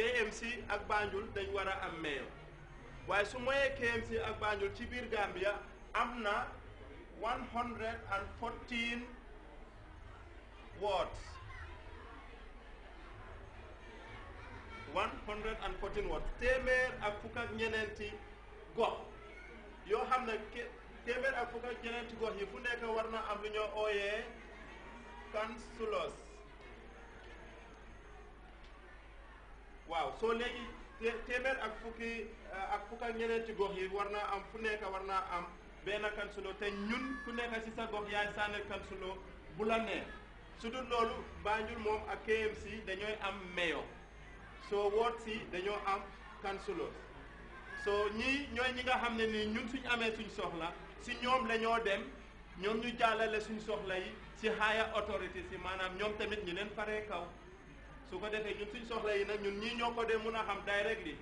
KMC ak Banjul dañ war a am mayor waaye su moyee KMC ak Banjul ci biir Gambia am na one hundred and fourteen wards one téeméer ak fukk ñeneenti gox yoo xam ne téeméer ak fukk ñeneenti gox yi fu nekk war na am lu ñoo ooyee councillors waaw soo léegi téeméer ak fukki euh, ak fukk ñeneen ci gox yi war naa am fu nekk war naa am benn kansulo te ñun ku nekk ci sa gox yaay sànneel kansulo bu la neex su dul loolu Banjul moom ak si dañooy am meyo soo woot si dañoo am kansulo soo ñii ñooy ñi nga xam ne nii ñun suñ amee suñ soxla si ñoom la ñoo dem ñoom ñu jàllale suñ soxla yi ci higher authority yi maanaam ñoom tamit ñi leen paree kaw su ko defee ñun suñ soxla yi nag ñun ñii ñoo ko dee mun a xam directly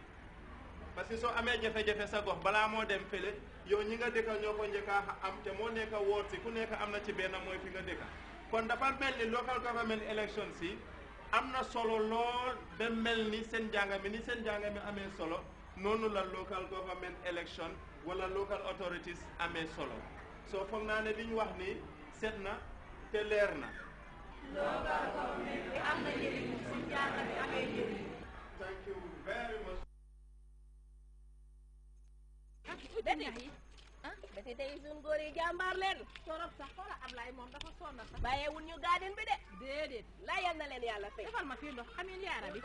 parce que soo amee jafe-jafe sa gox balaa moo dem fële yow ñi nga dëkkal ñoo ko njëkk am te moo nekk a woot si ku nekk am na ci benn mooy fi nga dëkka kon dafa mel ni local si am na solo lool ba mel ni seen jàng mi ni seen jàng mi amee solo noonu la local government election wala local authorities amee solo soo foog naa ne li ñu wax ni set na te leer na loo baaxoo nekk bi am na njëriñ suñ jaaxal bi amee njëriñ. thank you very much. ba si tey suñ góor yi jàmbaar leen torop sax xoola Ablaye moom dafa sonn sax bàyyeewul ñu gaadin bi de déedéet layal na leen yàlla fay defal ma fii ndox amin yaara bi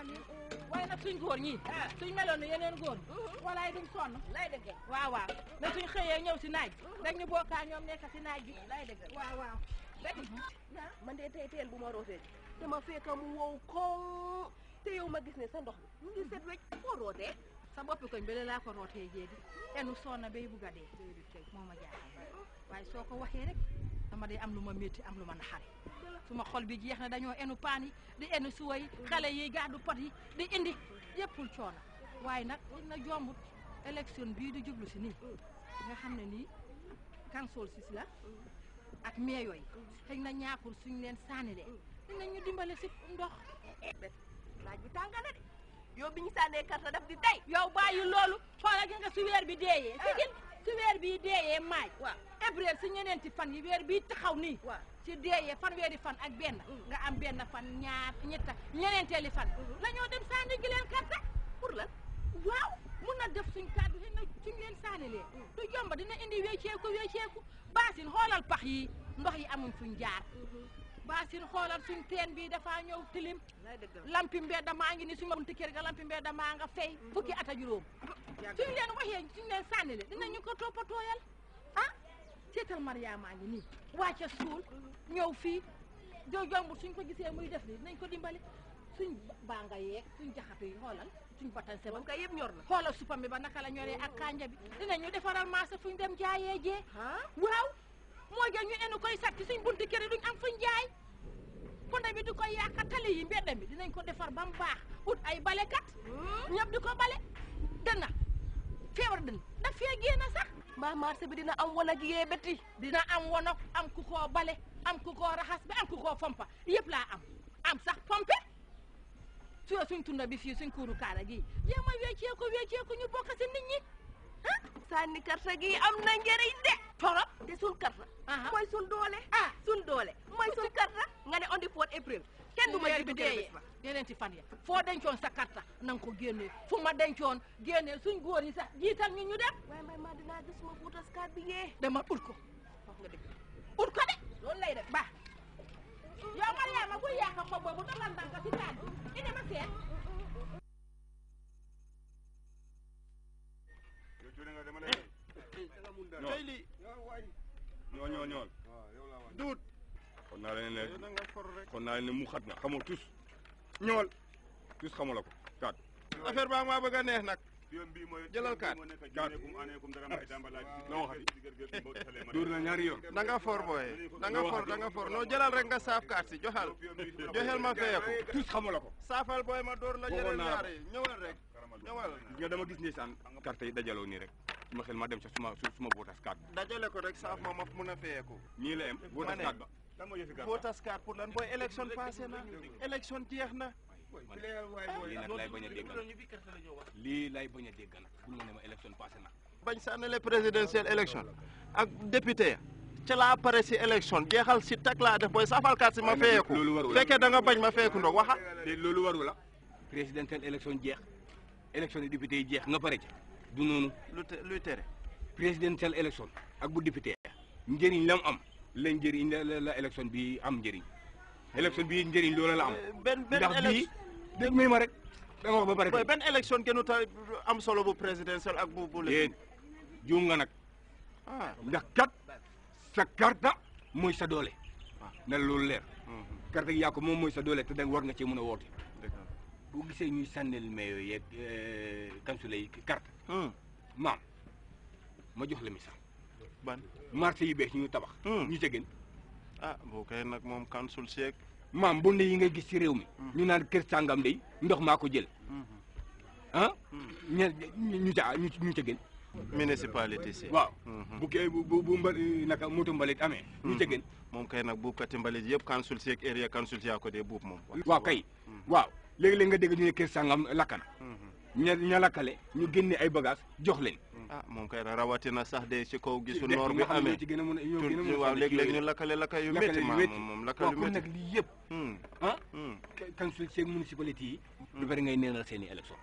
amin waaye nag suñ góor ñi suñ meloon ne yeneen góor walaay duñ sonn lay dëgg waaw waaw ne suñ xëyee ñëw si naaj rek ñu bokkaa ñoom nekk si naaj bi lay dëgg waaw waaw Mm-hmm. man de tey teel bu ma rootee dama fekk mu wow koo te yow ma gis ne sa ndox mi ngi set wecc foo rootee sa boppi koñ bële laa ko rootee jéegi enu soona bay bugga dee moo ma jaaxal waaye soo ko waxee rek dama day am lu ma métti am lu ma naxari suma xol bi jeex na dañoo enu paan yi di enu suwa yi xale yi gàddu pot yi di indi yëppul coono waaye nag na jombut élection bii di jublu si nii mm. nga xam ne nii si sis la mm. ak mee yooyu xëy na ñaaxul suñ leen sànnile ñu dimbale si ndox laaj bi tànga de yow bi ñu sànnee karta daf di tey yow bàyyi loolu xoolal gi nga su weer bi deeyee ah. sigil su weer bi deeyee maaj waaw avril si ñeneenti fan yi weer bi taxaw nii ci deeyee fan weeri fan ak benn mm. nga am benn fan ñaar ñetta ñeneenteeli fan mm-hmm. la dem sànni gi leen karta pour lan waaw mun na def suñ kàddu xëy na suñ leen sànnilee mm. du jomba dina indi wéeceeku wéeceeku baasin xoolal pax yi ndox yi amuñ fuñ jaar mhm. baasin xoolal suñ teen bii dafa ñëw tilim lampi mbedd maa ngi ni ma bunti kër ga lampi mbedd maa nga fay mhm. fukki at a juróom suñ leen waxee suñ leen sànni le dinañu ko toppatooyal ah seetal Mariama ngi nii wàcce suul mhm. ñëw fii doo jombul suñ ko gisee muy def li dinañ ko dimbali suñ baa nga yeeg suñ jaxatu yi xoolal suñ batanse ba kay yëpp ñor na xoolal supam bi ba naka la ñoree ak kanja bi dinañu defaral marché fuñ dem jaayee jee waaw moo jël ñu enu koy sàkki suñ bunti kër yi duñ am fuñ jaay fonde bi du dinañ ko defar ba mu baax ut ay balekat hmm? ñëpp di ko bale dana feebar dina daf fee génn sax mbaa marché bi dina am wanag yee bétti dina am wanag am ku ko bale am ku ko raxas bi am ku koo fompa yëpp laa am am sax pompe suyoo suñ tunda bi fii suñ kuuru kaara gi jéem a wecceeku wecceeku ñu bokk si nit ñi ah karta gi am na njëriñ de torop te suñ karta mooy suñ doole ah suñ karta nga ne on the fourth april kenn du ma ji dee yeneen ci fan ya foo dencoon sa karta na nga ko génnee fu ma dencoon génnee suñ góor yi sax jiital ñu ñu dem waaye may maa dinaa bi yee dama ut ko wax nga dëgg ut ko de ñoo ñoo ñool duut kon naa leen ne kon naa leen ne mu xat na xamoo tus ñool tus xamu la ko kaat affaire baa maa bëgg a neex nag jëlal kaat kaat noo waxati duur na ñaari yoon da nga for booye da nga for da nga for noo jëlal rek nga saaf kaat si joxal joxel ma feyeku tus xamu la ko saafal booy ma door la jëlal ñaari ñëwal rek ñëwal nga dama gis ni saan carte yi dajaloo nii rek suma xel ma dem ci suma suma voters card dajale ko rek saaf moom mun a fayee ko nii la em voters card ba lan moo yëfi voters card pour lan boy election passé na election jeex na lii lay bañ a dégg lii lay bañ a dégg nag ne ma election passé na bañ sa annulé présidentielle élection ak député ci la pare ci élection jeexal si tak la def boy safal card ci ma fayee fekke da nga bañ ma fayee ko ndox waxa loolu waru la présidentielle élection jeex élection yi député jeex nga pare ci du noonu. lu te luy tere. présidentielle élection ak bu député njëriñ la mu am la njëriñ la la élection bi am njëriñ élection bi njëriñ loola la am. Eh, benn benn ndax bii dégg may ma rek dama wax ba pare. mooy benn élection gënu ta am solo bu présidentielle ak bu bu. léegi juum nga nag. Ah. ndax kat sa karta mooy sa doole. Ah. na loolu leer. Mm-hmm. karta gi moom mooy sa doole te danga war nga cee mën a woote. boo gisee ñuy sànnil mayo yeeg kansul euh, yi carte hmm. maam ma jox la misaal ban marché yu bees ñu tabax hmm. ñu ca ah boo koy nag moom kansul seeg maam bu yi nga gis ci réew mi hmm. ñu naan kër sàngam day ndox maa ko ah? ñu ñu ca gën municipalité si waaw bu kee bu bu mbali eh, naka moto mbalit amee ñu ca gën moom kay nag buubkati mbalit yëpp kansul seeg area kansul yaa dee buub moom waaw kay waaw léegi-léeg nga dégg ñu ne kër sàngam mm-hmm. ña lakkale ñu génne ay bagage jox leen ah moom kay rawatina sax de ci kaw gisu noor bi amee ci gën a a ñoo gën a mën a waaw lakkale lakka yu métti ma moom lakkale yu métti nag lii hmm. ah, hmm. su ah council seeg municipalité yi hmm. du bari ngay neenal seen i élection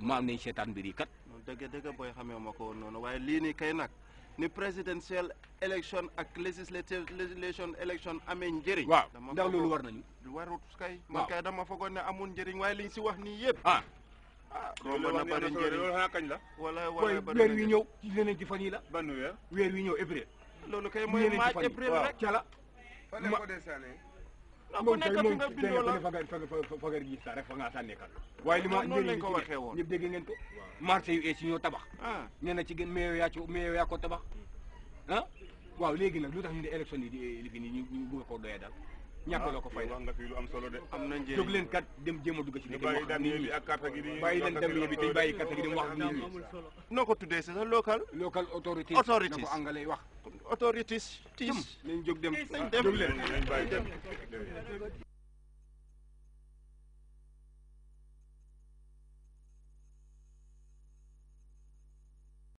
maam nañ seetaan mbir kat dëgg dëgg booy xamee ma ko woon noonu waaye lii nii kay nag ni presidential election ak legislative legislation election amee njëriñ. waaw ndax loolu war nañu. warut kay. waaw man kay dama foogoon ne amul njëriñ waaye liñ si wax nii yëpp. ah, ah romb kañ la. wala wala bari weer wi ñëw ci leneen ci fan la. ban weer wi ñëw avril. loolu kay mooy maaj avril rek ca la. fa leen ko desalee. moom kay moom fa ngaa sànni kan waaye li ma njëriñ ko waxee woon ñëpp dégg ngeen ko marché yu ees yi ñoo tabax ah. nee na ci gën meew yaa ci meew yaa ko tabax hmm. ah waaw léegi nag lu tax ñu ne élection yi di lifi nii ñu bëgg ko doyee daal ñàkk la ko ah, fay wax nga fi lu am solo de am na njëriñ jóg leen kat dem jéem a dugg ci dëkk wax nit ñi bàyyi leen damyee bi tey bàyyi carte gi dem wax nit ñi noo ko tuddee c'est ça local local autorité na ko anglais wax authorities tiis nañ jóg dem nañ dem